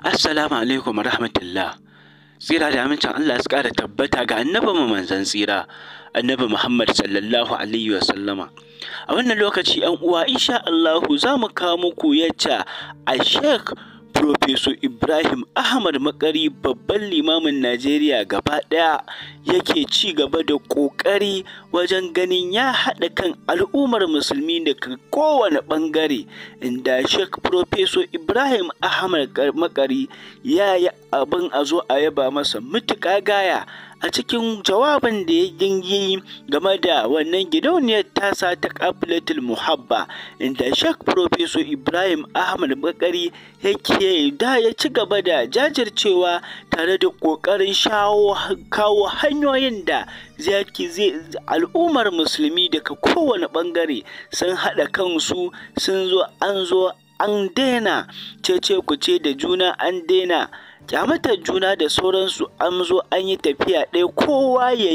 Assalamu alaikum wa rahmatullah. Tsira da amincin Allah su ƙara tabbata ga annabi mu manzon tsira, annabi Muhammad sallallahu alaihi wa sallama. A wannan lokaci ‘yan uwa insha Allahu za mu kawo muku yacca a Sheikh Profeso Ibrahim Ahmad Makari babban limamin Najeriya gaba ɗaya yake ci gaba da ƙoƙari wajen ganin ya haɗa kan al'ummar musulmi daga kowane ɓangare inda Sheikh Profeso Ibrahim Ahmad Makari ya yi abin a zo a yaba masa mutuƙa gaya. a cikin jawabin da ya yi game da wannan gidauniyar tasa ta kafilatul muhabba inda shak profeso ibrahim ahmad bakari yake da ya ci gaba da jajircewa tare da kokarin shawo kawo hanyoyin da zai al'ummar musulmi daga kowane bangare sun haɗa kansu sun zo an zo an daina ku ce da juna an daina kyamatar juna da sauransu an zo an yi tafiya ɗaya kowa ya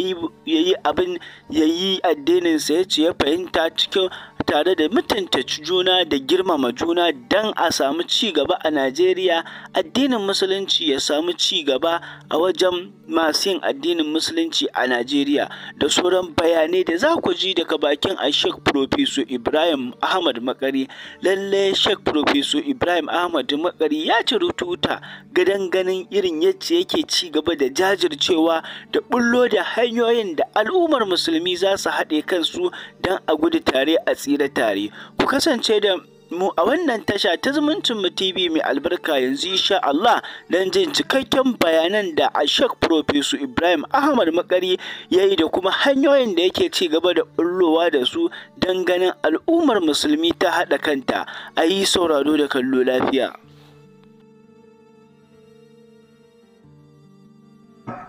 yi abin ya yi addininsa ya ce ya fahimta cikin tare da mutunta juna da girmama juna don a samu ci gaba a Najeriya addinin musulunci ya samu ci gaba a wajen masu yin addinin musulunci a Najeriya da sauran bayanai da za ku ji daga bakin a Sheikh Profeso Ibrahim Ahmad Makari lalle Sheikh Profeso Ibrahim Ahmad Makari ya ci rututa gadan ganin irin yacce yake ci gaba da jajircewa da bullo da hanyoyin da al'ummar musulmi za su haɗe kansu don a gudu tare a tsira hira tare ku kasance da mu a wannan tasha ta zumuncin mu TV mai albarka yanzu insha Allah dan jin cikakken bayanan da Ashok Professor Ibrahim Ahmad Makari yayi da kuma hanyoyin da yake ci gaba da bullowa da su dan ganin al'ummar musulmi ta haɗa kanta a yi sauraro da kallo lafiya.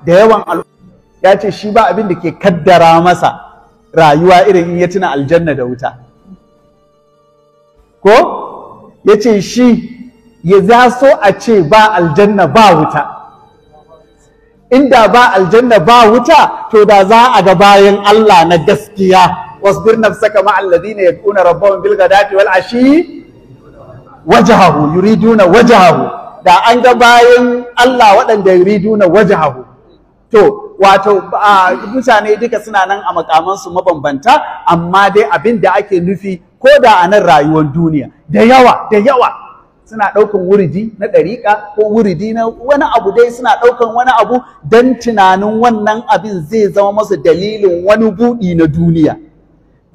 Da yawan ya ce shi ba abin da ke kaddara masa rayuwa irin in ya tuna aljanna da wuta. ko ya ce shi ya za so a ce ba aljanna ba wuta inda ba aljanna ba wuta to da za a ga bayan Allah na gaskiya wasu wasbir nafsaka ma alladhina yad'una rabbahum bil ghadati wal ashi wajhahu yuriduna wajhahu da an ga bayan Allah waɗanda yuriduna wajhahu to wato mutane duka suna nan a makamansu mabambanta amma dai abin da ake nufi ko da a nan rayuwar duniya da yawa da yawa suna ɗaukan wuridi na ɗariƙa ko wuridi na wani abu dai suna ɗaukan wani abu don tunanin wannan abin zai zama masu dalilin wani buɗi na duniya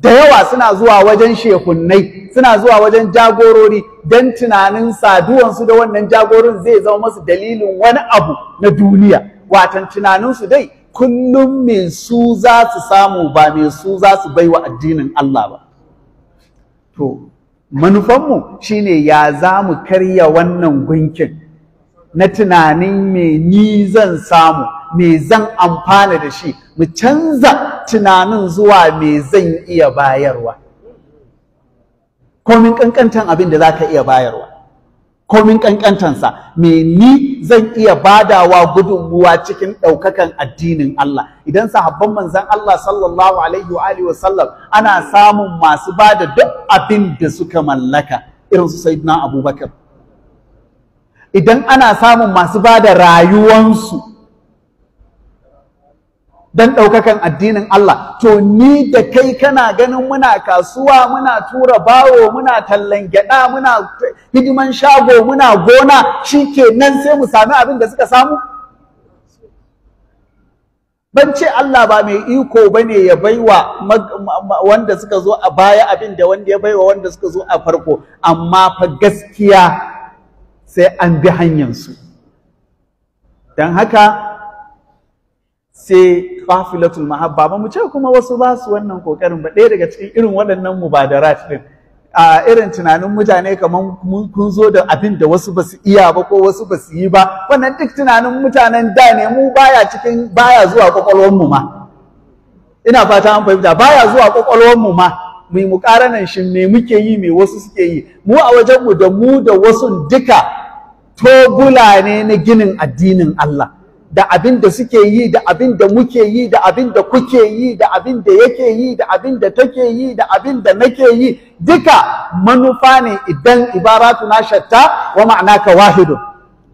da yawa suna zuwa wajen shekunnai, suna zuwa wajen jagorori don tunanin saduwansu da wannan jagorin zai zama masa dalilin wani abu na duniya watan tunaninsu dai kullum mai su za su samu ba mai su za su baiwa addinin Allah ba to manufanmu shine ya za mu karya wannan gunkin na tunanin me ni zan samu me zan amfana da shi mu canza tunanin zuwa me zan iya bayarwa komin kankantan abin da za ka iya bayarwa komin ƙanƙantansa, me ni zan iya badawa gudunmuwa cikin ɗaukakan addinin Allah idan sahabban manzan Allah sallallahu alaihi wa alihi wasallam ana samun masu bada duk abin da suka mallaka irin su sayyidina abubakar idan ana samun masu bada rayuwansu dan ɗaukakan addinin Allah to ni da kai kana ganin muna kasuwa muna tura bawo muna tallan gyaɗa muna hidiman shago muna gona shi ke nan sai mu sami abin da suka samu ban ce Allah ba mai iko ba ne ya baiwa wanda suka zo a baya abin da wanda ya baiwa wanda suka zo a farko amma fa gaskiya sai an bi hanyarsu don haka sai kafilatul mahabba ba mu ce kuma wasu ba su wannan kokarin ba ɗaya daga cikin irin waɗannan mubadarat ɗin a irin tunanin mutane kamar kun zo da abin da wasu ba iya ba ko wasu ba yi ba wannan duk tunanin mutanen da ne mu baya cikin baya zuwa kwakwalwarmu ma ina fata an fahimta baya zuwa kwakwalwarmu ma mai mukaranan shin me muke yi me wasu suke yi mu a wajenmu da mu da wasu duka togula ne na ginin addinin Allah da abin da suke yi da abin da muke yi da abin da kuke yi da abin da yake yi da abin da take yi da abin da nake yi duka manufa ne idan ibaratu na shatta wa ma'anaka wahidu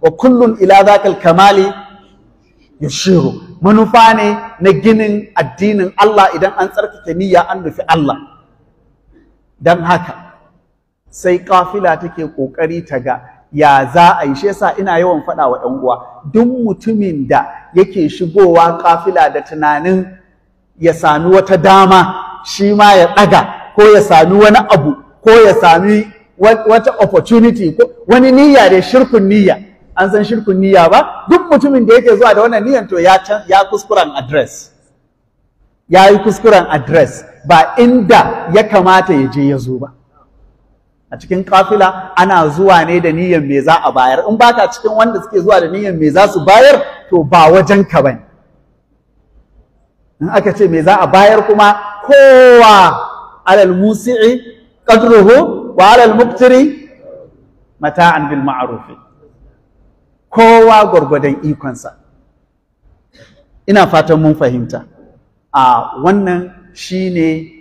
wa kullun ila zakal kamali yushiru manufa ne na ginin addinin Allah idan an tsarkake niyya an nufi Allah dan haka sai kafila take kokari ta ga ya za a yi shi yasa ina yawan faɗa wa ɗan uwa duk mutumin da yake shigowa kafila da tunanin ya sami wata dama shi ma ya ɗaga ko ya sami wani abu ko ya sami wata opportunity ko wani niyya da shirkun niyya an san shirkun niyya ba duk mutumin da yake zuwa da wannan niyyan to ya ya kuskuren address ya yi kuskuren address ba inda ya kamata ya je ya zo ba a cikin kafila ana zuwa ne da niyyar me za a bayar in baka cikin wanda suke zuwa da niyyar me za su bayar to ba wajen ka bane in aka ce me za a bayar kuma kowa alal musi'i qadruhu wa alal muqtiri mata'an bil ma'ruf kowa gwargwadon ikonsa ina fatan mun fahimta a wannan shine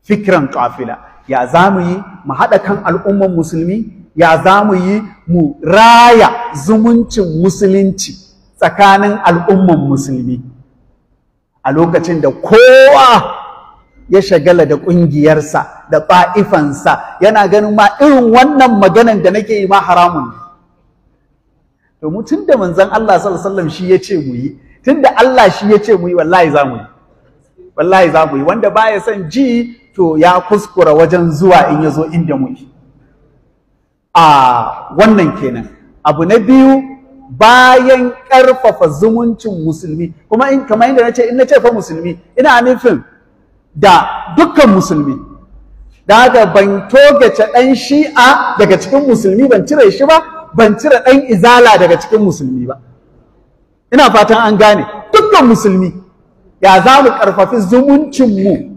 fikran kafila ya za mu yi mu haɗa kan al'umman musulmi ya za mu yi mu raya zumuncin musulunci tsakanin al'umman musulmi a lokacin da kowa ya shagala da ƙungiyarsa da ƙwa'ifansa yana ganin ma irin wannan maganan da nake yi ma haramun to mu tun da manzon Allah sallallahu shi ya ce mu yi tun da Allah shi ya ce mu yi wallahi za mu yi wallahi za mu yi wanda baya son ji to ya kuskura wajen zuwa in ya zo inda muke a wannan kenan abu na biyu bayan ƙarfafa zumuncin musulmi kuma in kamar yadda na ce in ce fa musulmi ina nufin da dukkan musulmi da haka ban togace ɗan shi'a daga cikin musulmi ban cire shi ba ban cire ɗan izala daga cikin musulmi ba ina fatan an gane dukkan musulmi ya za mu ƙarfafi mu?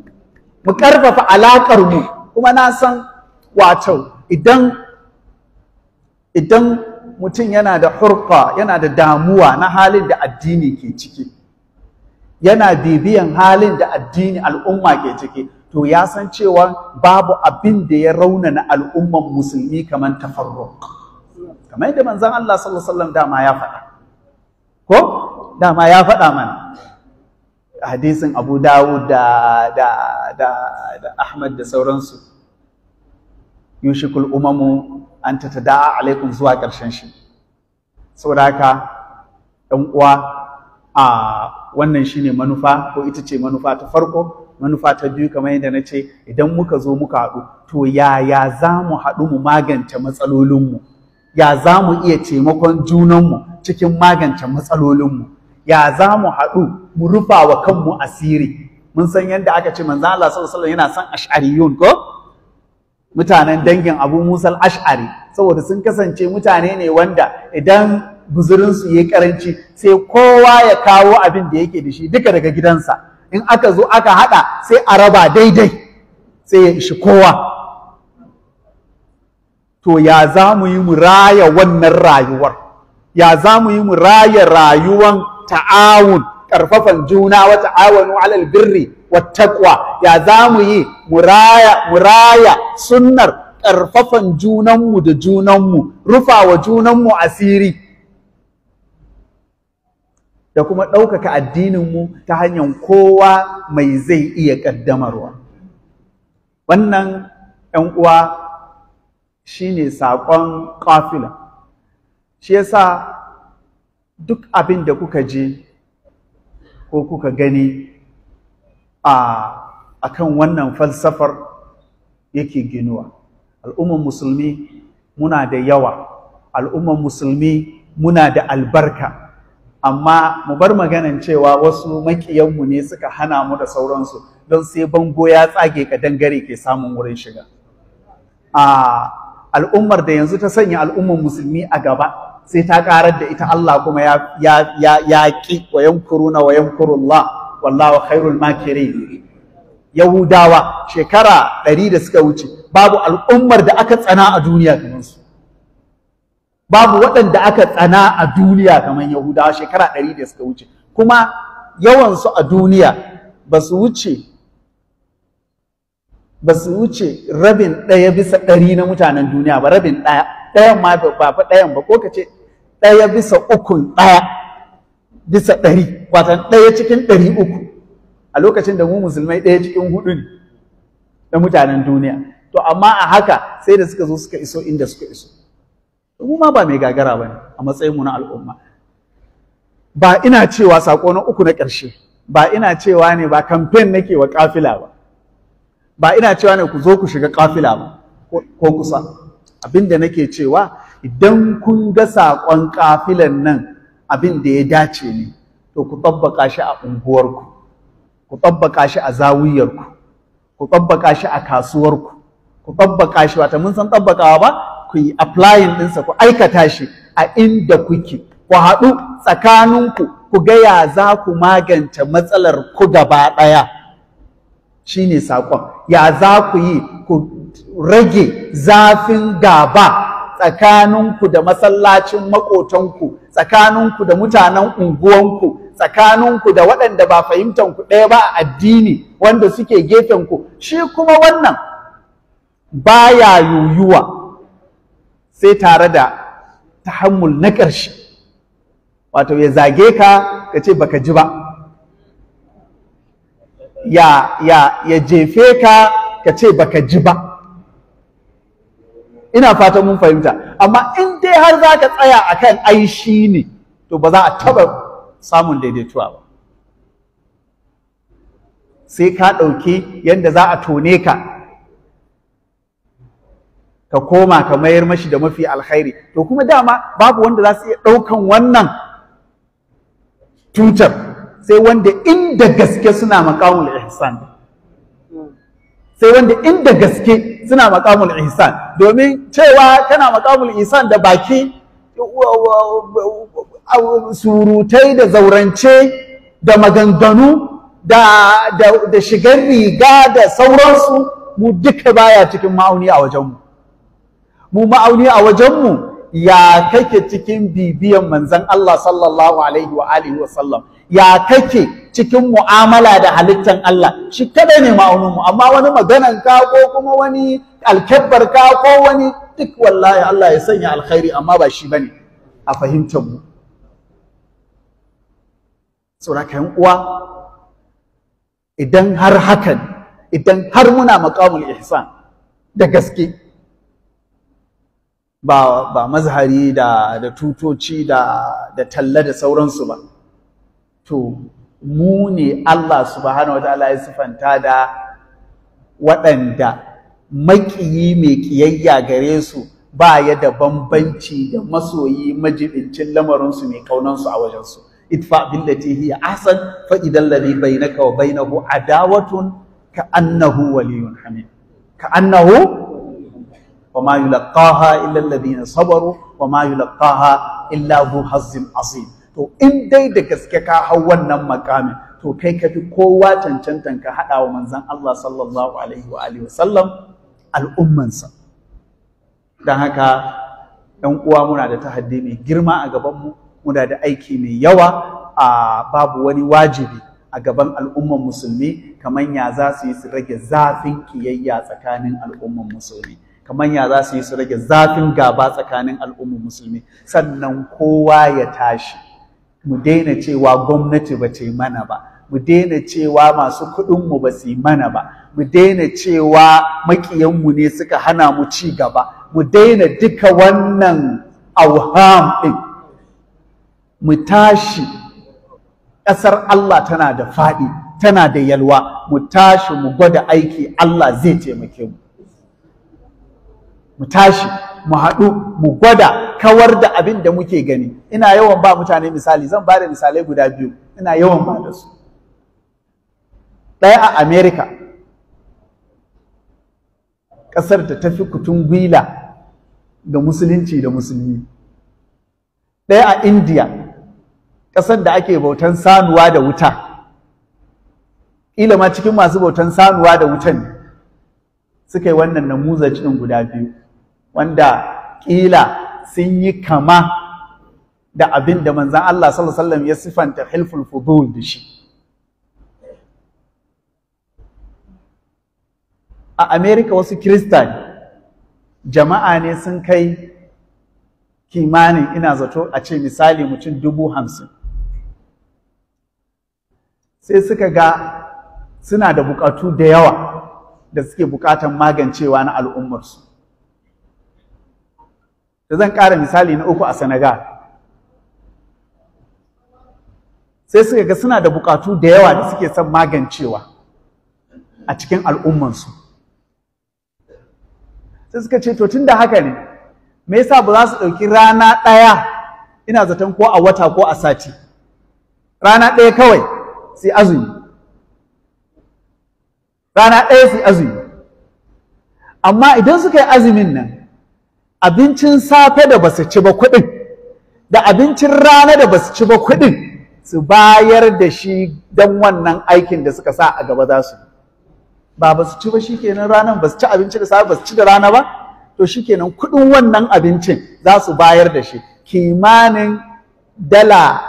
mu ƙarfafa alaƙar mu kuma na san wato idan idan mutum yana da hurfa yana da damuwa na halin da addini ke ciki yana bibiyan halin da addini al'umma ke ciki to ya san cewa babu abin da ya raunana al'umman musulmi kamar tafarruq kamar yadda manzon Allah sallallahu alaihi wasallam dama ya faɗa ko dama ya faɗa mana hadisin abu dawud da, da, da, da ahmad da sauransu yushikul umamu an ta tada'a alaikum zuwa ƙarshen shi saboda haka ɗan uwa a wannan shine manufa ko ita ce manufa ta farko manufa ta biyu kamar yadda na ce idan muka zo muka haɗu to yaya za mu haɗu mu magance matsalolinmu ya za mu iya taimakon junanmu cikin magance matsalolinmu ya za mu haɗu mu rufa wa kanmu asiri mun san yadda aka ce manzo Allah sallallahu alaihi yana son ash'ariyun ko mutanen dangin Abu Musa al-Ash'ari saboda sun kasance mutane ne wanda idan guzurinsu yayi karanci sai kowa ya kawo abin da yake da shi duka daga gidansa in aka zo aka haɗa sai a raba daidai sai ya ishi kowa to ya za mu yi mu raya wannan rayuwar ya za mu yi mu raya rayuwan ta'awun ƙarfafan juna wa ta'awanu alal birri wa taqwa ya mu yi muraya muraya sunnar karfafan junanmu da junanmu rufa wa junanmu asiri da kuma ɗaukaka addininmu ta hanyar kowa mai zai iya ƙaddamarwa wannan 'yan uwa shine saƙon ƙafila shi yasa duk abin da kuka ji ko kuka gani a kan wannan falsafar yake ginuwa al'umman musulmi muna da yawa al'ummar musulmi muna da albarka amma mu bar maganan cewa wasu makiyanmu ne suka hana mu da sauransu don sai bango ya tsage ka dangare ke samun wurin shiga a al'ummar da yanzu ta sanya al'ummar musulmi a gaba sai ta karar da ita Allah kuma ya ya wa yankuru na wa yankuruna wa yankurullah wallahu khairul makirin yahudawa shekara ɗari da suka wuce babu al'ummar da aka tsana a duniya kamar su babu waɗanda aka tsana a duniya kamar yahudawa shekara ɗari da suka wuce kuma yawansu a duniya ba su wuce ba su wuce rabin ɗaya bisa ɗari na mutanen duniya ba rabin ɗaya ɗayan ma ba fa ɗayan ba ko ka ce ɗaya bisa uku ɗaya bisa ɗari wata ɗaya cikin ɗari uku a lokacin da mu musulmai ɗaya cikin hudu ne na mutanen duniya to amma a haka sai da suka zo suka iso inda suka iso mu ma ba mai gagara ba ne a matsayin mu na al'umma ba ina cewa sako na uku na ƙarshe ba ina cewa ne ba kamfen nake wa kafila ba ba ina cewa ne ku zo ku shiga kafila ba ko kusa abin da nake cewa idan kun ga saƙon kafilan nan abin da ya dace ne to ku tabbaka shi a unguwarku ku tabbaka shi a zawiyarku ku tabbaka shi a kasuwarku ku tabbaka shi wata mun san tabbakawa ba ku yi applying ɗinsa ku aikata shi a inda kuke ku haɗu tsakaninku ku ga ya za ku magance matsalar ku gaba ɗaya shine saƙon ya za ku yi ku rage zafin gaba tsakaninku da masallacin maƙotanku tsakaninku da mutanen unguwanku tsakaninku da waɗanda ba fahimtanku ɗaya ba a addini wanda suke ku shi kuma wannan ba ya yuyuwa sai tare da tahammul na ƙarshe wato ya zage ka ka ce baka ji ba ya jefe ka ka ce baka ji ba ina fatan mun fahimta amma in dai har za ka tsaya akan ai shi ne to ba za a taba samun daidaituwa ba sai ka ɗauki yadda za a tone ka ka koma ka mayar mashi da mafi alkhairi to kuma dama babu wanda za su iya ɗaukan wannan tutar sai wanda inda gaske suna makamul ihsan sai wanda inda gaske suna maqamul ihsan domin cewa kana maqamul ihsan da baki surutai da zaurance da maganganu da, da, shigar riga da sauransu mu duka baya cikin ma'auni a wajenmu mu ma'auni a wajenmu ya kake cikin bibiyan manzan Allah sallallahu alaihi wa alihi ya kake cikin mu'amala da halittan Allah shi kada ne ma'aunin mu amma wani maganan ka ko kuma wani alkebbar ka ko wani duk wallahi Allah ya sanya alkhairi amma ba shi bane a fahimtar mu saboda uwa idan har hakan idan har muna maqamul ihsan da gaske ba ba mazhari da da tutoci da da talla da sauransu ba to mu ne Allah subhanahu wataala ya sifanta da waɗanda maƙiyi mai ƙiyayya gare su ba ya da bambanci da masoyi majibincin lamarinsu mai ƙaunansu a wajensu idfa billati hiya ahsan fa idan ladhi bainaka wa bainahu adawatun ka annahu waliyyun hamid ka annahu wa ma yulqaha illa alladhina sabaru wa ma yulqaha illa dhu hazzin azim to in dai da gaske ka hau wannan makamin to kai ka fi kowa cancantan ka haɗa wa manzan Allah sallallahu alaihi wa alihi wasallam al'ummansa don haka ɗan uwa muna da tahaddi mai girma a gabanmu muna da aiki mai yawa a babu wani wajibi a gaban al'umman musulmi kamar ya za su yi su rage zafin kiyayya tsakanin al'umman musulmi kamar ya za su yi su rage zafin gaba tsakanin al'umman musulmi sannan kowa ya tashi mu daina cewa gwamnati ba ce mana ba mu daina cewa masu kuɗinmu ba su yi mana ba mu daina cewa maƙiyanmu ne suka hana mu ci gaba mu daina duka wannan auham ɗin mu tashi ƙasar Allah tana da faɗi tana da yalwa mu tashi mu gwada aiki Allah zai taimake mu mu tashi mu haɗu mu gwada kawar da abin da muke gani ina yawan ba mutane misali zan ba da misalai guda biyu ina yawan ba da su ɗaya a america ƙasar da ta fi kutun gwila da musulunci da musulmi ɗaya a Indiya, ƙasar da ake bautan sanuwa da wuta ƙila ma cikin masu bautan sanuwa da wutan suka yi wannan namuzaj cikin guda biyu wanda ƙila sun yi kama da abin da manzan Allah sallallahu ya sifanta hilful fudul da shi a Amerika wasu kirista jama'a ne sun kai kimanin ina zato a ce misali mutum dubu hamsin sai suka ga suna da bukatu da yawa da suke bukatan magancewa na al'ummarsu da zan ƙara misali na uku a sanaga, sai suka ga suna da bukatu da yawa da suke son magancewa a cikin al'ummansu sai suka ce to tun da haka ne me yasa ba za su ɗauki rana ɗaya ina zaton ko a wata ko a sati rana ɗaya kawai sai azumi rana ɗaya sai azumi amma idan suka yi azumin nan abincin safe da basu ci ba kuɗin da abincin rana da basu ci ba kuɗin su bayar da shi don wannan aikin da suka sa a gaba za su ba ba su ci ba shi kenan ranar ba su ci abinci da safe ba su ci da rana ba to shi shikenan kuɗin wannan abincin za su bayar da shi kimanin dala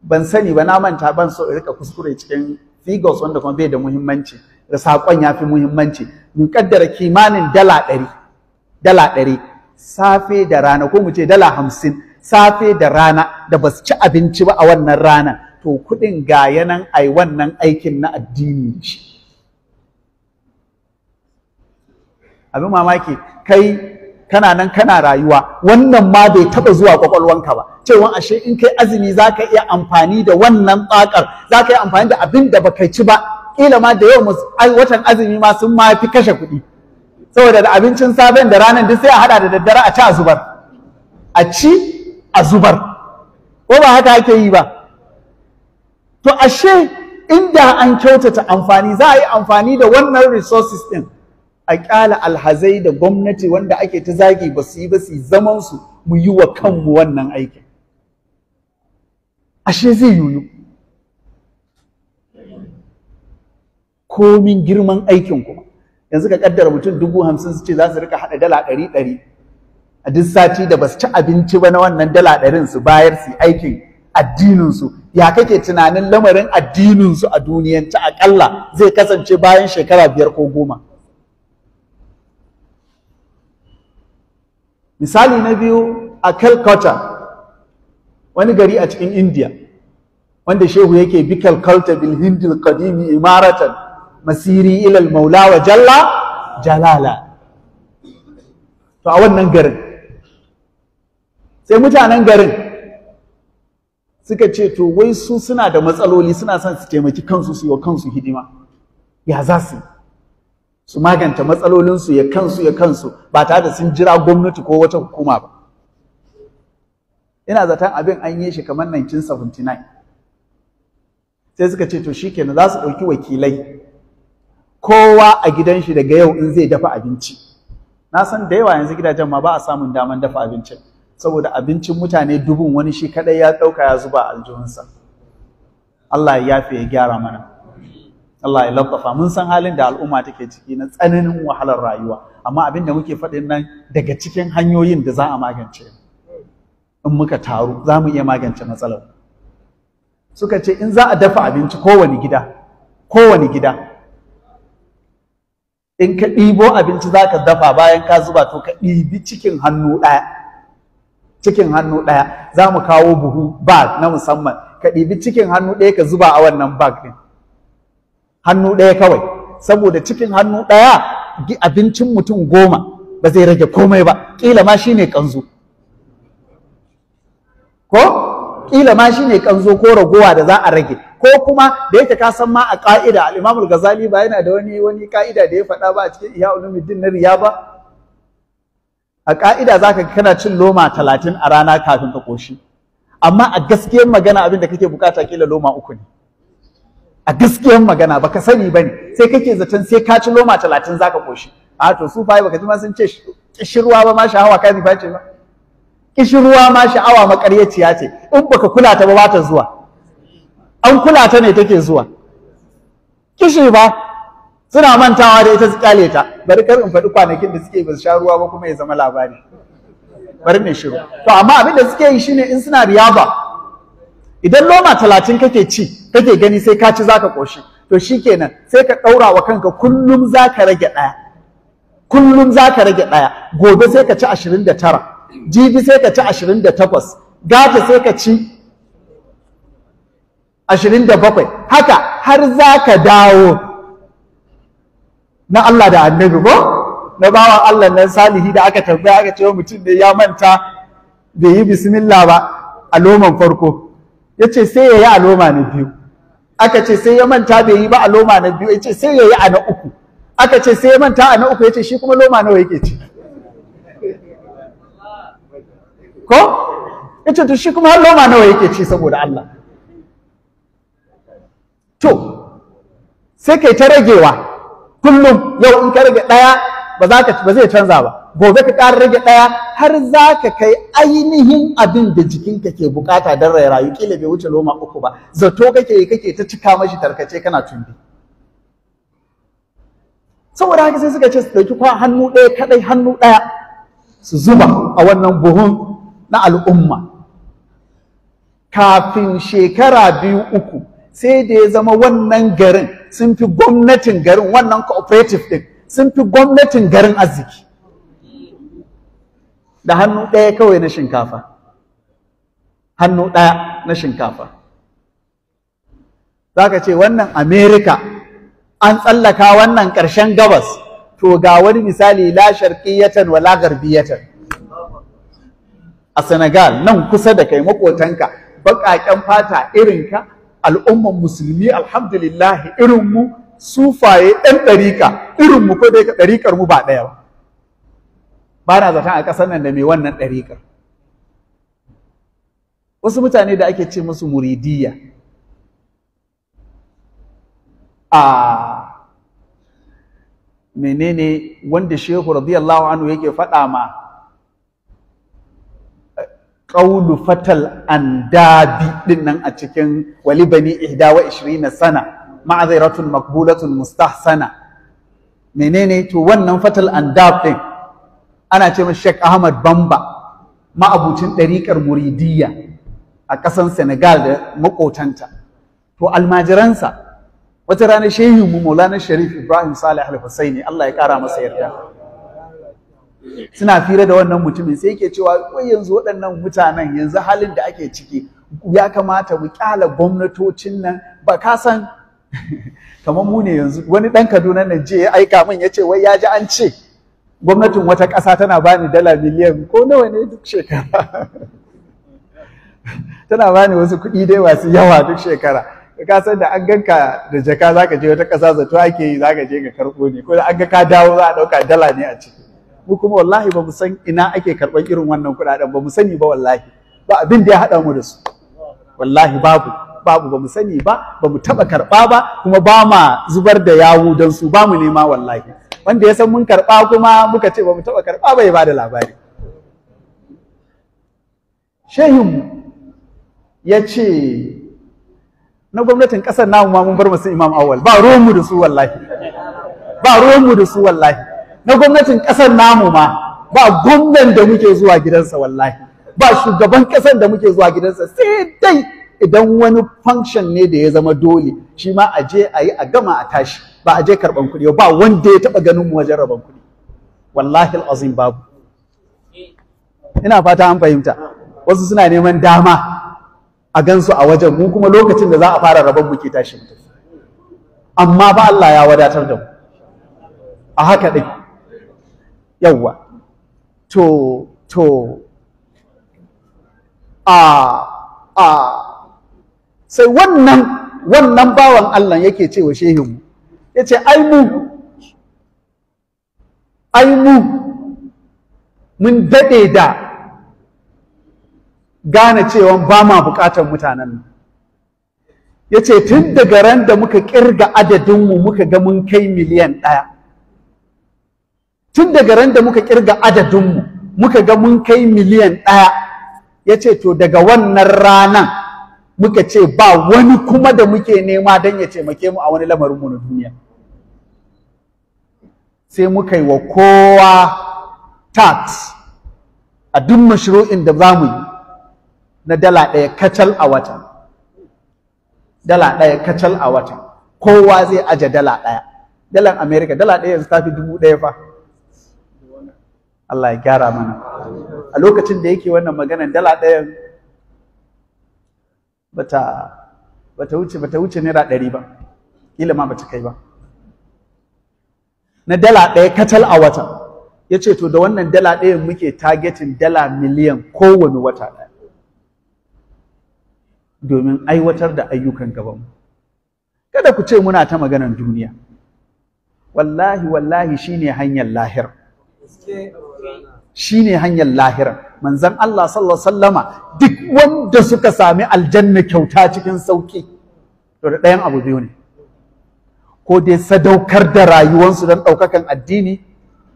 ban sani ba na manta ban so rika kuskure cikin figures wanda kuma bai da muhimmanci da saƙon ya fi muhimmanci mun kaddara kimanin dala ɗari dala ɗari safe da rana ko mu ce dala hamsin safe da rana da ba su ci abinci ba a wannan rana to kuɗin ga yanan ai wannan aikin na addini shi abin mamaki kai kana nan kana rayuwa wannan ma bai taɓa zuwa ƙwaƙwalwanka ba cewa ashe in kai azumi za ka iya amfani da wannan tsakar za ka yi amfani da abin da baka ci ba ƙila ma da yau watan azumi ma sun ma fi kashe kuɗi saboda da abincin safen da ranar duk sai a hada da daddare a ci a zubar a ci a zubar ko ba haka ake yi ba to ashe inda an kyautata amfani za a yi amfani da wannan resources din a kyala alhazai da gwamnati wanda ake ta zagi ba su yi ba su zaman su mu yi wa kanmu wannan aikin ashe zai yiwu komin girman aikin kuma yanzu ka kaddara mutum dubu hamsin su ce za su rika haɗa dala ɗari ɗari a duk sati da ba su ci abinci ba na wannan dala ɗarin su bayar su aikin addininsu ya kake tunanin lamarin addininsu a ta aƙalla zai kasance bayan shekara biyar ko goma misali na biyu a calcutta wani gari a cikin india wanda shehu yake bi calcutta bil hindil qadimi imaratan masiri ilal maula wa jalla jalala to a wannan garin sai mutanen garin suka ce to wai su suna da matsaloli suna son su taimaki kansu su yi kansu hidima ya za su su maganta matsalolinsu ya kansu ya kansu ba ta da sun jira gwamnati ko wata hukuma ba ina zaton abin an yi shi kamar 1979 sai suka ce to shi kenan za su ɗauki wakilai kowa a gidan shi daga yau in zai dafa abinci na san da yawa yanzu gidajen ma ba a samun daman dafa abinci. saboda abincin mutane dubun wani shi kadai ya ɗauka ya zuba a aljihunsa Allah ya yafe ya gyara mana Allah ya laffafa mun san halin da al'umma take ciki na tsananin wahalar rayuwa amma abin da muke faɗin nan daga cikin hanyoyin da za a magance in muka taru za mu iya magance matsalar suka ce in za a dafa abinci kowane gida kowane gida in ka ɗibo abinci za ka dafa bayan ka zuba to ka ɗibi cikin hannu ɗaya cikin hannu ɗaya za mu kawo buhu bag na musamman ka ɗibi cikin hannu ɗaya ka zuba a wannan bag ɗin hannu ɗaya kawai saboda cikin hannu ɗaya abincin mutum goma ba zai rage komai ba ƙila ma shi ne ƙanzo ko ƙila ma shi ne ƙanzo ko ragowa da za a rage ko kuma da yake ka san ma a ka'ida al-Imam al-Ghazali ba yana da wani wani ka'ida da ya faɗa ba a cikin Ihya Ulumuddin na riya ba a ka'ida zaka kana cin loma talatin a rana kafin ka koshi amma a gaskiyar magana abin da kake bukata kila loma uku ne a gaskiyar magana baka sani bane sai kake zaton sai ka ci loma talatin zaka koshi a to su fa baka ji ma sun ce kishirwa ba ma sha'awa kai ba ce ba kishirwa ma sha'awa makaryaciya ce in baka kula ta ba ba ta zuwa an kula ta ne take zuwa kishi ba suna mantawa da ita su kyale ta bari kar in faɗi kwanakin da suke ba su sha ruwa ba kuma ya zama labari bari ne shiru to amma abin da suke yi shi ne in suna riyaba idan loma talatin kake ci kake gani sai ka ci zaka koshi to shikenan sai ka ɗaura wa kanka kullum zaka rage ɗaya kullum zaka rage ɗaya gobe sai ka ci ashirin da tara jibi sai ka ci ashirin da takwas gata sai ka ci ashirin da bakwai haka har za ka dawo na Allah da annabi ko na bawan Allah nan salihi da aka tambaya aka ce mutum ne ya manta bai yi bismillah ba a loman farko ya ce sai ya yi a loma na biyu aka ce sai ya manta bai yi ba a loma na biyu ya ce sai ya yi a na uku aka ce sai ya manta a na uku ya ce shi kuma loma nawa yake ci ko ya ce to shi kuma har loma nawa yake ci saboda Allah to sai kai ta ragewa kullum yau in ka rage ɗaya ba za ka ba zai canza ba gobe ka ƙara rage ɗaya har za ka kai ainihin abin da jikinka ke bukata don rayu kila bai wuce loma uku ba zato kake kake ta cika mashi tarkace kana tumbi saboda haka sai suka ce su ɗauki kwa hannu ɗaya kaɗai hannu ɗaya su zuba a wannan buhun na al'umma kafin shekara biyu uku sai da ya zama wannan garin sun fi gwamnatin garin wannan cooperative din sun fi gwamnatin garin arziki da hannu ɗaya kawai na shinkafa hannu ɗaya na shinkafa za ka ce wannan Amerika an tsallaka wannan ƙarshen gabas to ga wani misali la sharqiyatan wala garbiyatan a senegal nan kusa da kai makotanka baƙaƙen fata irinka al'umman musulmi alhamdulillah irinmu sufaye ɗan ɗarika irinmu ko dai ɗarikar mu ba ɗaya ba ba na zaton a ƙasar nan da mai wannan ɗarikar wasu mutane da ake ce musu muridiyya a menene wanda shehu radiyallahu anhu yake faɗa ma ƙaulu fatal an dabi ɗin nan a cikin wali bani ihda wa ishirina sana ma'aziratun makbulatun mustahsana menene to wannan fatal an dab ɗin ana ce mashi Sheikh Ahmad Bamba ma'abucin ɗariƙar muridiyya a ƙasan Senegal da maƙotanta to almajiransa wata rana shehin mu Maulana Sharif Ibrahim Salih Al-Husaini Allah ya ƙara masa yarda suna fira da wannan mutumin sai yake cewa ko yanzu waɗannan mutanen yanzu halin da ake ciki ya kamata mu kyala gwamnatocin nan ba ka san kamar mu ne yanzu wani ɗan Kaduna nan je ya aika min ya ce wai ya ji an ce gwamnatin wata ƙasa tana bani dala miliyan ko nawa ne duk shekara tana bani wasu kuɗi dai masu yawa duk shekara ka san da an ganka da jaka zaka je wata ƙasa zato ake yi zaka je ka karɓo ne ko da an ga ka dawo za a ɗauka dala ne a ciki mu kuma wallahi ba mu san ina ake karɓar irin wannan kuɗaɗen ba mu sani ba wallahi ba abin da ya haɗa mu da su wallahi babu babu ba mu sani ba ba mu taɓa karɓa ba kuma ba ma zubar da yawu don su ba mu nema wallahi wanda ya san mun karɓa kuma muka ce ba mu taɓa karɓa ba ya ba da labari Shehim ya ce na gwamnatin ƙasar namu ma mun bar masu imam awal ba ruwanmu da su wallahi ba ruwanmu da su wallahi na gwamnatin ƙasar namu ma ba gwamnan da muke zuwa gidansa wallahi ba shugaban ƙasar da muke zuwa gidansa sai dai idan wani function ne da ya zama dole shi ma a je a yi a gama a tashi ba a je karɓan kuɗi ba wanda ya taɓa ganin mu wajen rabon kuɗi wallahi azim babu ina fata an fahimta wasu suna neman dama a gansu a wajen mu kuma lokacin da za a fara rabon muke tashi amma ba Allah ya wadatar da mu a haka ɗin yawwa to to a a sai wannan wannan bawan Allah yake cewa shehin ya ce ai mu mun daɗe da gane cewa ba ma buƙatar mutanen nan ya ce tun daga ran da muka ƙirga adadinmu muka ga mun kai miliyan ɗaya tun daga ran da muka kirga adadinmu muka ga mun kai miliyan ɗaya ya ce to daga wannan ranan muka ce ba wani kuma da muke nema don ya taimake mu a wani lamarinmu na duniya sai muka yi wa kowa tax a duk mashru'in da za mu yi na dala ɗaya kacal a wata dala ɗaya kacal a wata kowa zai aje dala ɗaya dalan Amerika dala ɗaya yanzu ta fi dubu ɗaya fa Allah ya gyara mana a lokacin da yake wannan maganan dala ɗayan bata wuce bata wuce naira ɗari ba kila ma bata kai ba na dala ɗaya katal a wata ya ce to da wannan dala ɗayan muke targetin dala miliyan kowane wata ɗaya domin aiwatar da ayyukan gabanmu kada ku ce muna ta maganan duniya wallahi wallahi shine hanyar lahir Shi ne hanyar lahira manzon Allah sallallahu sallama duk wanda suka sami aljanna kyauta cikin sauƙi. to da ɗayan abu biyu ne ko dai sadaukar da rayuwarsu don ɗaukakan addini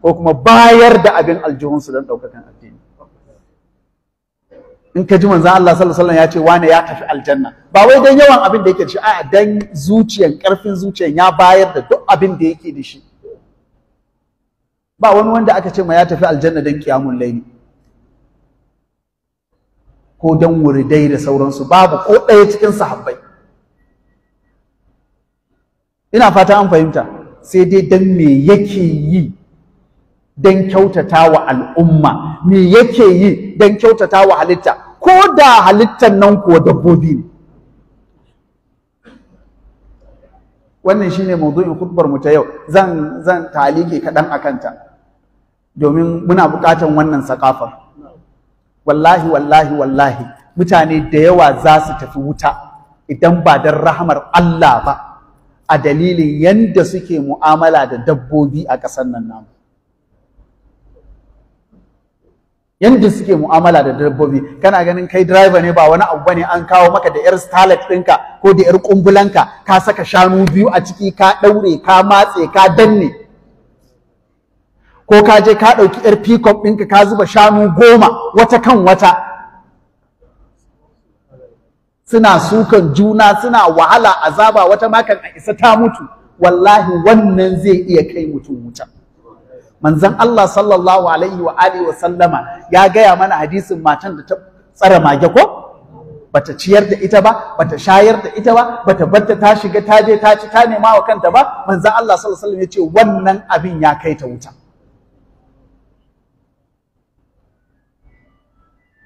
ko kuma bayar da abin aljihunsu don ɗaukakan addini in ka ji manzon Allah sallallahu alaihi ya ce wane ya tafi aljanna ba wai don yawan abin da yake da shi a dan zuciyan karfin zuciyan ya bayar da duk abin da yake da shi ba wani wanda aka ce ma ya tafi aljanna don kiyamun laini ko don wuridai da sauransu babu ko ɗaya cikin sahabbai ina fata an fahimta sai dai don me yake yi don kyautata wa al'umma me yake yi don kyautata wa halitta ko da halittan nan kuwa dabbobi ne wannan shine ne khutbar mu ta yau zan zan talike kaɗan a kanta domin muna buƙatar wannan sakafar wallahi wallahi wallahi mutane da yawa za su tafi wuta idan ba don rahamar Allah ba a dalilin yadda suke mu'amala da dabbobi a ƙasar nan namu yadda suke mu'amala da dabbobi kana ganin kai driver ne ba wani abu ne an kawo maka da yar starlet ɗinka ko da yar kumbulanka ka saka shanu biyu a ciki ka ɗaure ka matse ka danne ko ka je ka ɗauki yar pickup ɗinka ka zuba shanu goma wata kan wata suna sukan juna suna wahala azaba wata makan a isa ta mutu wallahi wannan zai iya kai mutum wuta manzon Allah sallallahu alaihi wa alihi wa sallama ya gaya mana hadisin matan da ta tsare mage ko bata ciyar da ita ba bata shayar da ita ba bata batta ta shiga ta je ta ci ta nema wa kanta ba manzon Allah sallallahu alaihi wasallam yace wannan abin ya kai ta wuta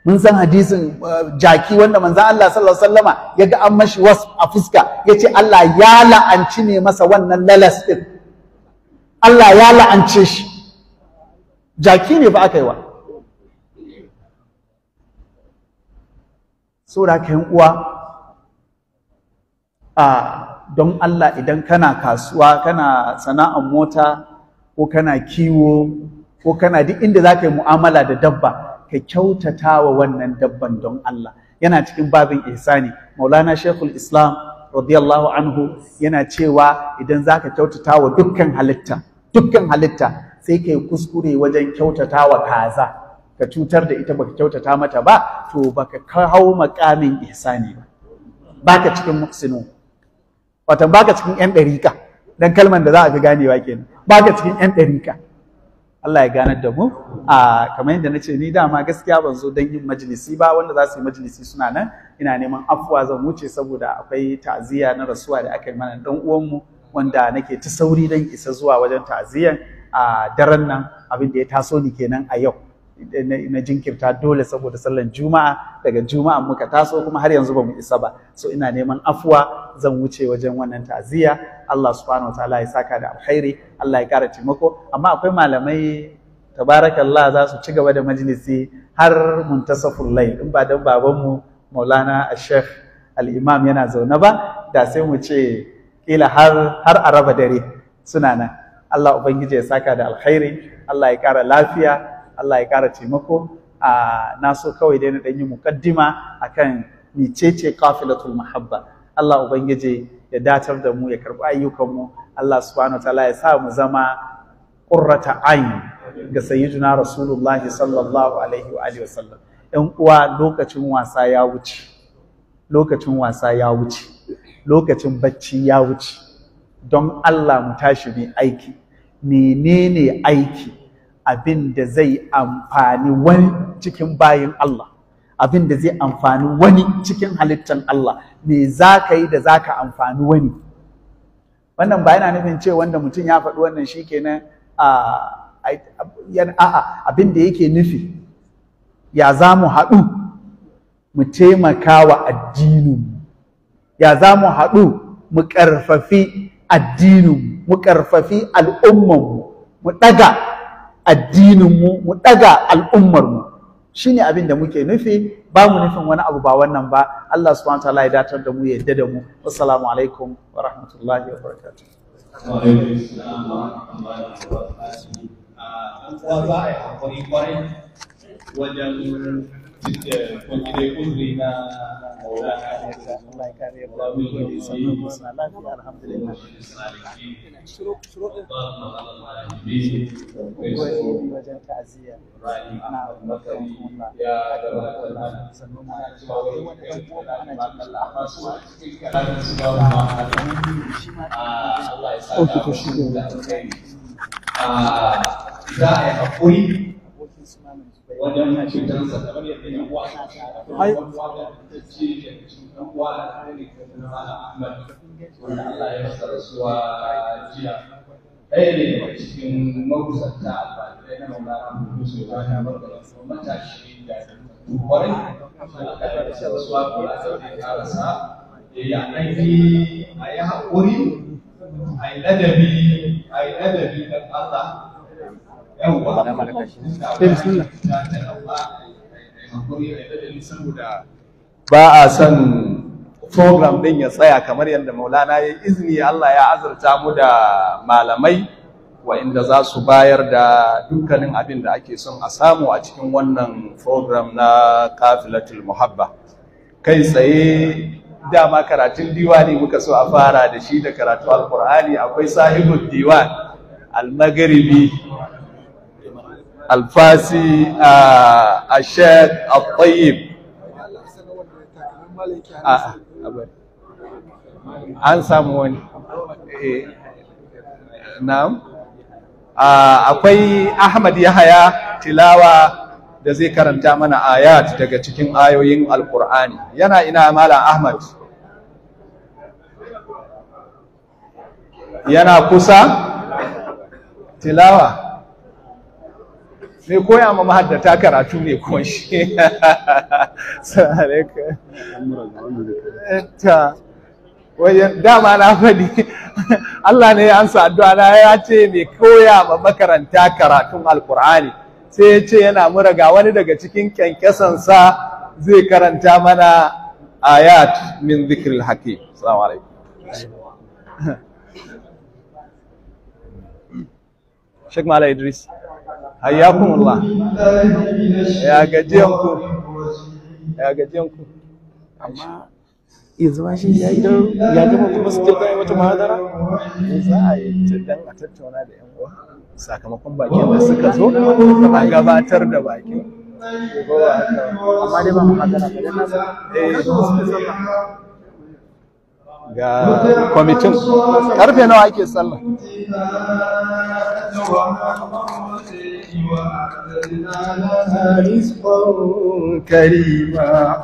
mun san hadisin uh, jaki wanda manzo Allah sallallahu alaihi wasallama ya ga an mashi was a fuska ya ce Allah ya la'anci ne masa wannan lalas ɗin Allah ya la'ance shi jaki ne ba aka yi wa saboda uwa a don Allah idan kana kasuwa kana sana'an mota ko kana kiwo ko kana duk inda za ka yi mu'amala da dabba ka kyautata wa wannan dabban don Allah yana cikin babin ihsani maulana shekul islam radiyallahu anhu yana cewa idan za ka kyautata wa dukkan halitta dukkan halitta sai ka yi kuskure wajen kyautata wa kaza ka cutar da ita baka kyautata mata ba to baka kawo makamin ihsani ba baka cikin muksinu. watan baka cikin yan ɗarika dan kalman da za a fi ganewa kenan baka cikin yan ɗarika Allah ya ganar da mu a kamar yadda na ce ni dama gaskiya ban zo don yin majalisi ba wanda za su yi majalisi suna nan ina neman afuwa zan wuce saboda akwai ta'aziyya na rasuwa da aka yi mana dan uwanmu wanda nake ta sauri don isa zuwa wajen ta'aziyyan a daren nan abin da ya taso ni kenan a yau na jinkirta dole saboda sallan juma'a daga juma'a muka taso kuma har yanzu ba mu isa ba so ina neman afuwa zan wuce wajen wannan ta'aziyya Allah subhanahu wataala ya saka da alkhairi Allah ya kara taimako amma akwai malamai tabarakallah za su ci gaba da majlisi, har muntasaful layl in ba dan baban mu Maulana Sheikh Al-Imam yana zaune ba da sai mu ce kila har har araba dare suna nan Allah ubangiji ya saka da alkhairi Allah ya kara lafiya Allah ya ƙara taimako a na so kawai dai na ɗan yi muƙaddima kan nicece kafilatul mahabba Allah ubangiji ya datar da mu ya karɓi ayyukanmu Allah subhanahu Ta'ala ya sa mu zama ƙurrata ayin ga sayyiduna rasulullah sallallahu alaihi wa alihi sallam. ɗan uwa lokacin wasa ya wuce lokacin wasa ya wuce lokacin bacci ya wuce don Allah mu tashi mai aiki menene aiki abin da zai amfani wani cikin bayin Allah abin da zai amfani wani cikin halittan Allah me za ka yi da za ka amfani wani wannan ba na nufin ce wanda mutum ya faɗi wannan shi kenan a'a abin da yake nufi ya za mu haɗu mu taimaka wa addininmu ya za mu haɗu mu ƙarfafi addininmu mu ƙarfafi al'ummanmu mu ɗaga addininmu mu ɗaga mu shi ne abin da muke nufi ba mu nufin wani abu ba wannan ba Allah subhanahu wa ta'ala ya datar da mu ya yadda da mu assalamu alaikum wa rahmatullahi wa barakatuh شروق شروق وجه تعزيه Allah ya sa ka za a yi haƙuri wajen cutansa kamar yadda yan uwa na ta yan uwa da ta ce yan uwa da ta ne ta na Ahmad wanda Allah ya masa rasuwa jiya ɗaya ne daga cikin makusanta albajirai na Maulana Muhammadu Sulaiman Margala matashi da kwarai Allah ya masa rasuwa ko ya sauke karasa ya aiki a yi haƙuri a yi ladabi a yi ladabi da Allah ba a son program din ya tsaya kamar yadda maulana ya izini Allah ya azurta mu da malamai wa'inda za su bayar da dukkanin abin da ake son a samu a cikin wannan program na kafilatul muhabba kai tsaye dama karatun diwani muka so a fara da shi da karatu alkur'ani akwai sahibul diwan almagaribi alfasi a ashek al-tayyib an samu wani na'am akwai ahmad yahaya tilawa da zai karanta mana ayat daga cikin ayoyin alkur'ani yana ina mala ahmad yana kusa tilawa mai koya ma mahaddata karatu ne kuma shi wajen dama na faɗi Allah ne ya ansa addu'a na ya ce mai koya ma makaranta karatun alkur'ani sai ya ce yana mura ga wani daga cikin kyankyasansa zai karanta mana ayat min zikirin haƙi alaikum Mala Idris ayyakun Allah ya gajiyan ku ya gajiyan ku amma izuwa shi ya ido ya gama kuma su jirga wata mahadara za a yi dan a tattauna da yan uwa sakamakon baki da suka zo a gabatar da baki amma dai ba mahadara ba dan nasa eh. ga kwamitin karfe nawa ake sallah لها رزقا كريما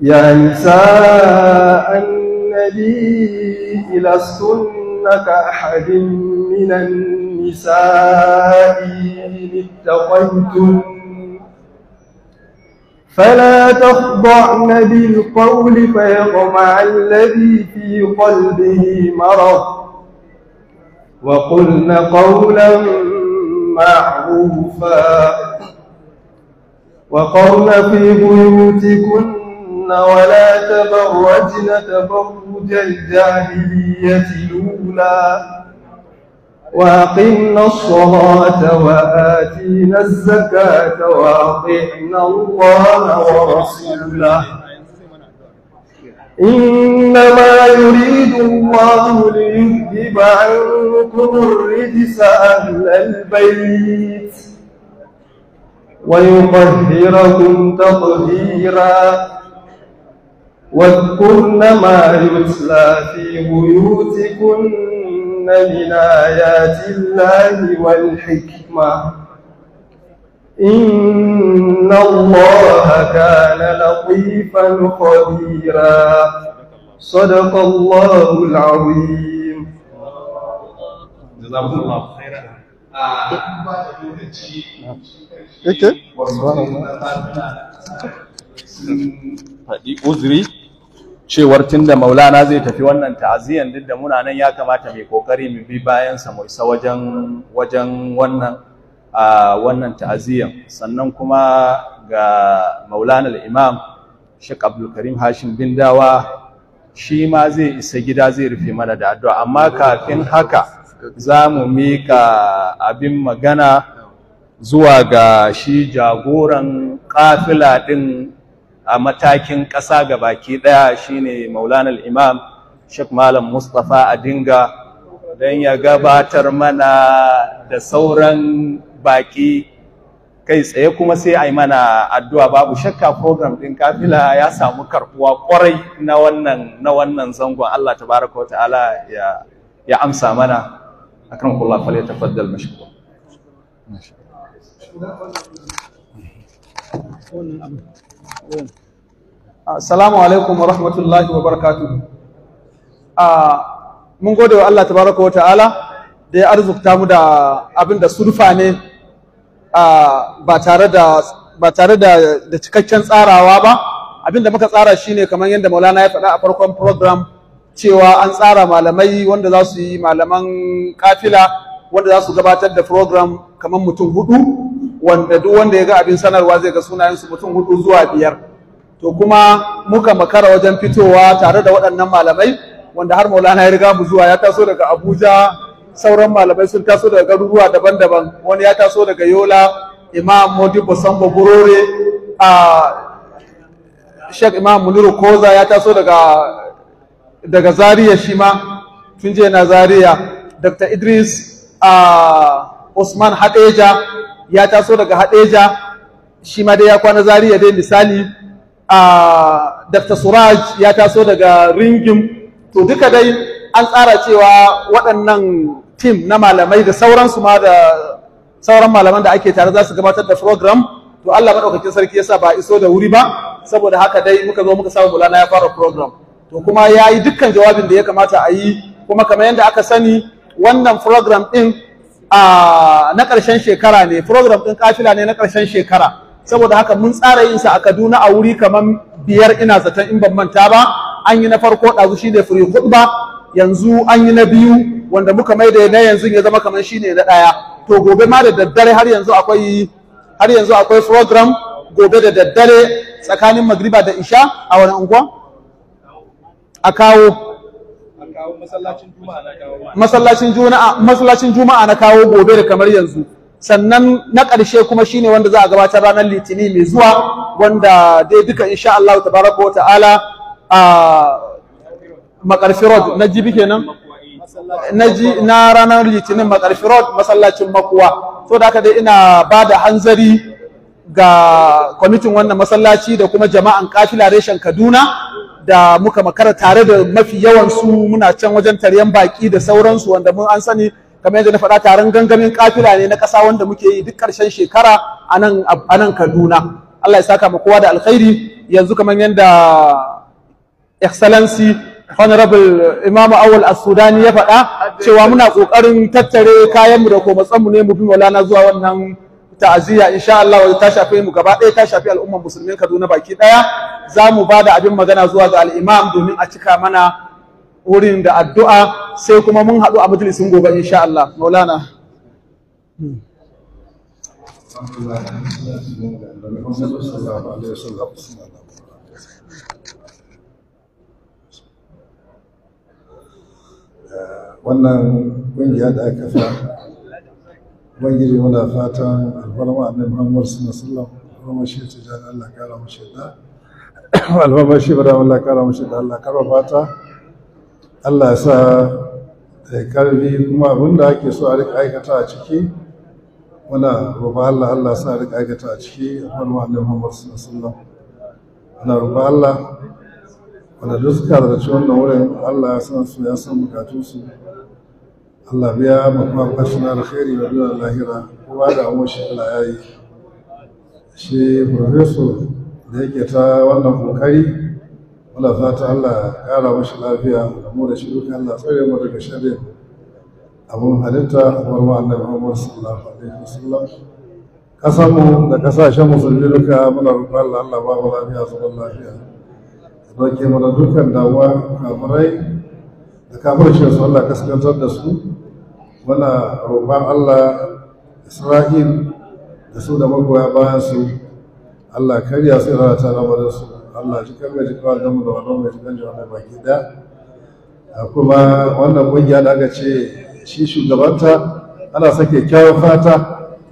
يا نساء النبي لستن كأحد من النساء إن اتقيتن فلا تخضعن بالقول فيطمع الذي في قلبه مرض وقلن قولا معروفا وقرن في بيوتكن ولا تبرجن تبرج الجاهلية الأولى وأقمنا الصلاة وآتينا الزكاة وأطعنا الله ورسوله إنما يريد الله ليذهب عنكم الرجس أهل البيت ويطهركم تطهيرا واذكرن ما يتلى في بيوتكن من آيات الله والحكمة إن الله كان لطيفا خبيرا صدق الله العظيم جزاكم الله خيرا faɗi uzuri cewar tunda maulana zai tafi wannan ta'aziyan duk da muna nan ya kamata mai kokari mu bi bayansa mu isa wajen wannan a wannan ta'aziyyan sannan kuma ga maulana imam shek Abdulkarim hashin Hashim bin shi ma zai isa gida zai rufe mana da addu'a amma kafin haka za mu mika abin magana zuwa ga shi jagoran kafila din a matakin ƙasa ga baki ɗaya shine maulana imam shek Malam Mustapha dinga don ya gabatar mana da sauran baƙi kai tsaye kuma sai a yi mana addu'a babu shakka program din kafila ya samu karɓuwa kwarai na wannan na wannan zangon Allah tabaraka wa ta'ala ya ya amsa mana fa falyatafaddal mashkur Assalamu alaikum wa rahmatullahi wa barakatuh Mun gode wa Allah tabaraka wa ta'ala da ya arzikta mu da abin da surfa ne ba tare da da cikakken tsarawa ba Abin da muka tsara shine kamar yadda Maulana ya faɗa a farkon program cewa an tsara malamai wanda za su yi malaman kafila wanda za su gabatar da program kamar mutum hudu wanda duk wanda ya ga abin sanarwa zai ga sunayensu mutum hudu zuwa biyar to kuma muka makara wajen fitowa tare da waɗannan malamai wanda har maulana ya riga mu zuwa ya taso daga abuja sauran malamai sun taso daga garuruwa daban-daban wani ya taso daga yola imam modi sambo burore a shek imam muniru koza ya taso daga daga zaria shi ma tun je na Zariya. dr idris a usman hadeja ya taso daga hadeja shi ma dai ya kwana Zariya. dai misali a dr suraj ya taso daga ringim to duka dai an tsara cewa waɗannan tim na malamai da sauransu ma da sauran malaman da ake tare za su gabatar da program to Allah madaukakin sarki yasa ba iso da wuri ba saboda haka dai muka zo muka samu bulana ya fara program to kuma yayi dukkan jawabin da ya kamata a yi kuma kamar yadda aka sani wannan program ɗin a na ƙarshen shekara ne program ɗin kafila ne na ƙarshen shekara saboda haka mun tsara yin sa a Kaduna a wuri kamar biyar ina zaton in ban manta ba an yi na farko ɗazu shi da free khutba yanzu an yi na biyu wanda muka da na yanzu ya zama kamar shine na daya to gobe ma da daddare har yanzu akwai har yanzu akwai program gobe da daddare tsakanin magriba da isha a wani unguwa a kawo masallacin juma'a masallacin juma'a na kawo gobe da kamar yanzu sannan na ƙarshe kuma shine wanda za a gabatar ranar litini mai zuwa wanda dai duka insha Allah tabaraka wa ta'ala a makarfi road na jibi kenan naji na ranar litinin makarfi road masallacin makuwa so da aka dai ina ba da hanzari ga kwamitin wannan masallaci da kuma jama'an kafila reshen kaduna da muka makara tare da mafi yawan su muna can wajen taryan baki da sauransu wanda mun an sani kamar yadda na faɗa taron gangamin kafila ne na ƙasa wanda muke yi duk ƙarshen shekara a nan kaduna allah ya saka ma kowa da alkhairi yanzu kamar yadda excellency honorable imam awal as-sudani ya faɗa cewa muna ƙoƙarin tattare kayanmu da mu ne mu bi walana zuwa wannan ta'aziyya insha Allah ta shafe mu gaba ɗaya ta shafi al'umman musulmin Kaduna baki ɗaya za mu ba da abin magana zuwa ga al'imam domin a cika mana wurin da addu'a sai kuma mun haɗu a majalisin gobe insha Allah maulana wannan ƙungiya da aka fa ubangiji muna fatan alfarma annabi muhammad sallallahu alaihi wasallam shi ta jan Allah kara mu shaida alfarma shi bara Allah kara mu shaida Allah kara fata Allah ya sa karbi kuma abin da ake so a rika aikata a ciki muna roba Allah Allah sa a rika aikata a ciki alfarma annabi muhammad sallallahu alaihi wasallam ana roba Allah wanda duk suka halarci wannan wurin allah ya san su ya san bukatunsu allah biya mafi da alkhairi da duniya lahira kowa da amon shi allah ya yi shi professor da yake ta wannan kokari muna fata allah ƙara mashi lafiya da mu da shi duka allah tsare mu daga sharri abun halitta kamar wa annabi muhammad sallallahu alaihi wasallam kasanmu da kasashen musulmi duka muna roƙon allah allah ba mu lafiya zaman lafiya ke mana dukkan dawa kafirai da kafirce su Allah kaskantar da su muna roƙon Allah Isra'il da su da magoya bayan su Allah karya su irara ta lamarin su Allah ji kan gaji kawai da mu da wannan mai jikan jama'a baki da kuma wannan kungiya da aka ce shi shugabanta ana sake kyawun fata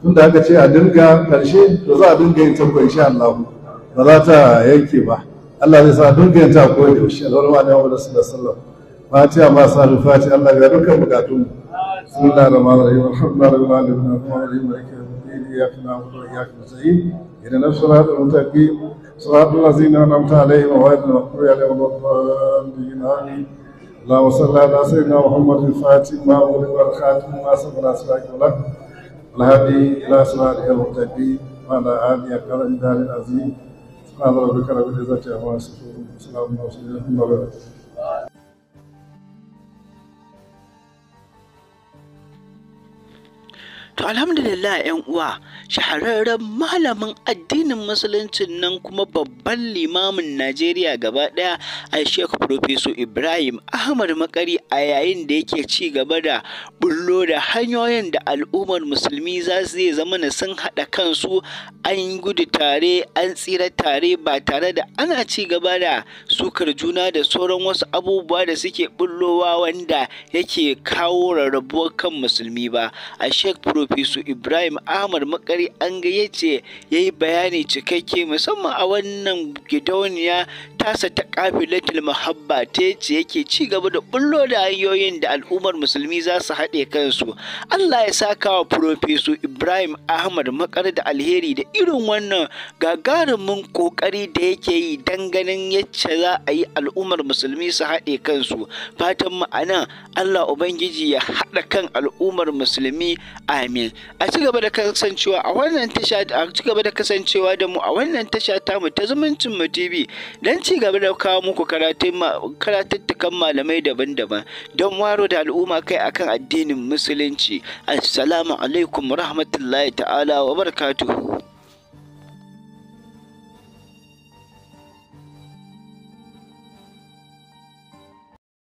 tunda aka ce a dinga karshe to za a dinga yin tabbai insha Allah ba za ta yanke ba Allah zai sa dukkan ta ko da shi alwarma da Muhammad sallallahu alaihi fatiha ma sa fati Allah ya dukkan bukatun mu bismillahir rahmanir rahim alhamdulillahi rabbil alamin arrahmanir rahim wa iyyaka Ma Allah, bi karabi da zai ce wa su, su na To alhamdulillah 'yan uwa, shahararren malamin addinin musuluncin nan kuma babban limamin Najeriya gaba ɗaya a Sheikh Profeso Ibrahim Ahmad Makari a yayin da yake ci gaba da bullo da hanyoyin da al'ummar musulmi za su zai zama na sun haɗa kansu an gudu tare an tsira tare ba tare da ana ci gaba da sukar juna da sauran wasu abubuwa da suke bullowa wanda yake kawo rarrabuwar kan musulmi ba. A Sheikh Profeso Ibrahim Ahmad Makari an gayyace ya yi bayani cikakke musamman a wannan gidauniya tasa ta kafilatul mahabba ta yace yake ci gaba da bullo da hanyoyin da al'ummar musulmi za su haɗe kansu. Allah ya saka wa Profeso Ibrahim Ahmad Makari da alheri da irin wannan gagarumin kokari da yake yi dan ganin yacce za a yi al'ummar musulmi su haɗe kansu. Fatan ma'ana Allah Ubangiji ya haɗa kan al'ummar musulmi amin. amin a ci gaba da kasancewa a wannan tasha a ci gaba da kasancewa da mu a wannan tasha ta mu ta zumuncin mu TV dan ci gaba da kawo muku karatuttukan malamai daban-daban don waro da al'umma kai akan addinin musulunci assalamu alaikum rahmatullahi ta'ala wa barakatuhu